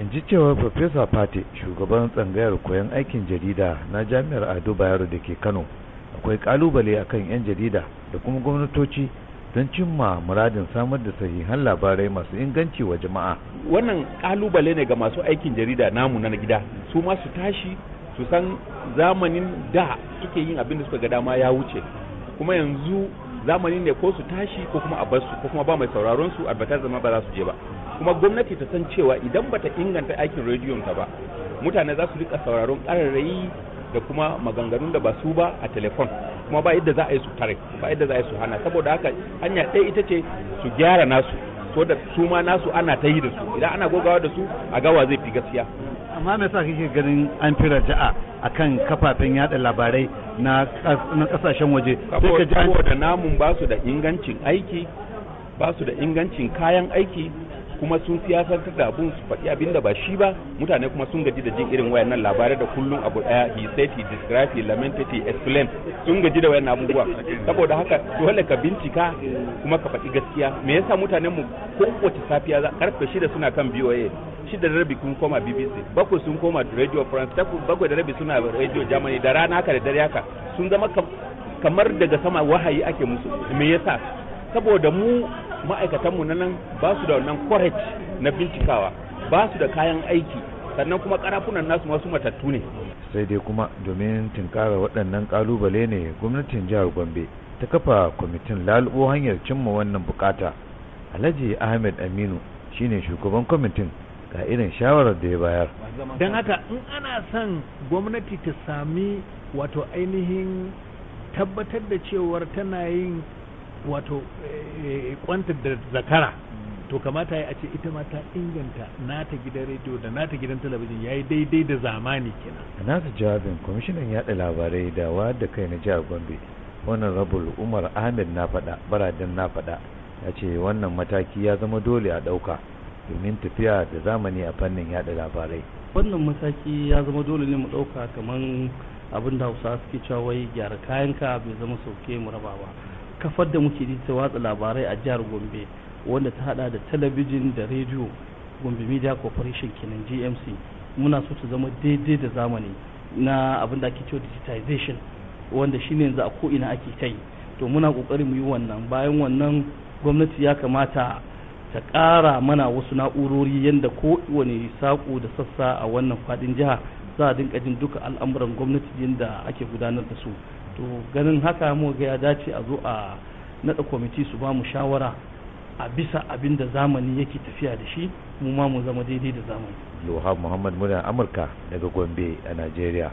in ji cewa farfesa fati shugaban tsangayar koyon aikin jarida na jami'ar ado bayero da ke kano akwai kalubale a kan 'yan jarida da kuma gwamnatoci don cimma muradin samar da sahihan labarai masu inganci wa jama'a wannan kalubale ne ga masu aikin jarida namu na gida su ma su tashi su san zamanin da suke yin abin da suka ga dama ya wuce kuma yanzu zamanin ne ko su tashi ko kuma a bar su ko kuma ba mai sauraron su albatar zama ba za su je ba kuma gwamnati ta san cewa idan bata inganta aikin rediyon ta ba mutane za su rika sauraron ƙararrayi da kuma maganganun da ba su ba a telefon kuma ba yadda za a yi su tare ba yadda za a yi su hana saboda haka hanya ɗaya ita ce su gyara nasu so da su ma nasu ana ta yi da su idan ana gogawa da su a gawa zai fi gaskiya amma me yasa kike ganin an fira ja'a akan kafafen yada labarai na kasashen waje sai ka ji namun ba su da ingancin aiki ba su da ingancin kayan aiki kuma sun siyasantar da abun su faɗi abin da ba shi ba mutane kuma sun gaji da jin irin wayannan labarai da kullum abu daya he said he described he lamented he explained sun gaji da wayannan abubuwa saboda haka dole ka bincika kuma ka faɗi gaskiya me yasa mutanen mu kowace safiya za karfe shida suna kan BOA shida da rabi kun koma BBC bakwai sun koma Radio France bakwai da rabi suna Radio Germany da rana haka da dare haka sun zama kamar daga sama wahayi ake musu me yasa saboda mu ma'aikatanmu na nan ba su da wannan kwarec na bincikawa ba su da kayan aiki sannan kuma karafunan nasu masu matattu ne sai dai kuma domin tunkara waɗannan kalubale ne gwamnatin jihar gombe ta kafa kwamitin lalubo hanyar cimma wannan bukata alhaji ahmed aminu shine shugaban kwamitin ga irin shawarar da ya bayar don haka in ana son gwamnati ta sami wato ainihin tabbatar da cewar tana yin wato eh, eh, kwantar da zakara to kamata ya ce ita ma ta inganta nata gidan rediyo da nata gidan talabijin ya yi daidai da zamani kenan a nasa jawabin kwamishinan yaɗa labarai da wa da kai na jihar gombe wannan rabul umar ahmed na faɗa baradin na faɗa ya ce wannan mataki ya zama dole a ɗauka domin tafiya da zamani a fannin yaɗa labarai wannan mataki ya zama dole ne mu ɗauka kamar abin da hausa suke cewa wai gyara kayan ka bai zama sauke mu raba ba kafar da muke ta watsa labarai a jihar gombe wanda ta hada da talabijin da rediyo gombe media corporation kenan gmc muna so ta zama daidai da zamani na abin da ake cewa digitization wanda shine yanzu a ko'ina ake ta yi to muna kokarin mu yi wannan bayan wannan gwamnati ya kamata ta ƙara mana wasu na'urori yadda ko wani saƙo da sassa a wannan faɗin jiha za a dinka jin duka al'amuran gwamnati yadda ake gudanar da su to ganin haka mu ga ya dace a zo a nada kwamiti su ba mu shawara a bisa abin da zamani yake tafiya da shi mu ma mu zama daidai da zamani. Luha Muhammad muna Amurka daga Gombe a Najeriya.